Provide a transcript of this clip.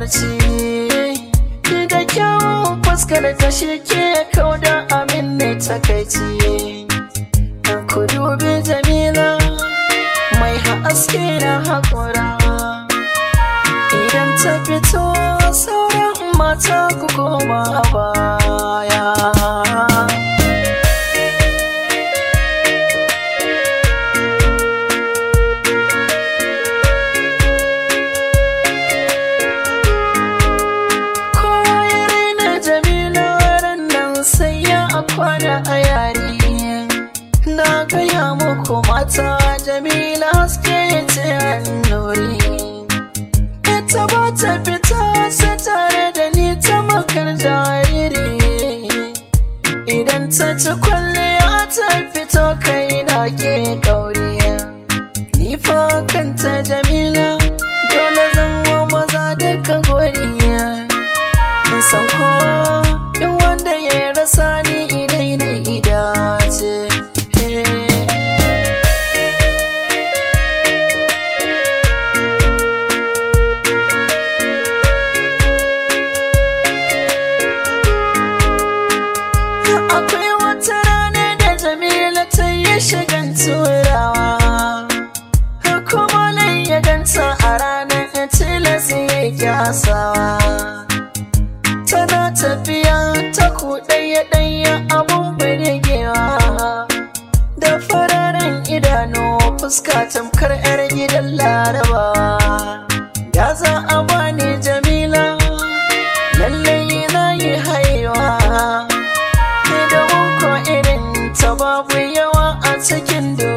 barci da kyau fuskar ta shi ke da amin ne takaici ku dubi jamila mai haske na haƙura idan ta fito sauran mata ku koma ba na kwana a yari na gaya muku mata jamila suke ce annori ita ba ta fita sai tare da ni ta makar jariri idan ta ci kwalliya ta fito kai na ke kauri ni fa kanta jamila dole zan wa maza duka gori san kowa akwai wata rana da jamila ta yi shigan turawa kuma nan ya ganta a ranar ya ya kyasawa tana tafiya ta kuɗaya ɗanya abun birgewa da fararen idanu fuska tamkar 'yar gidan larabawa sakin do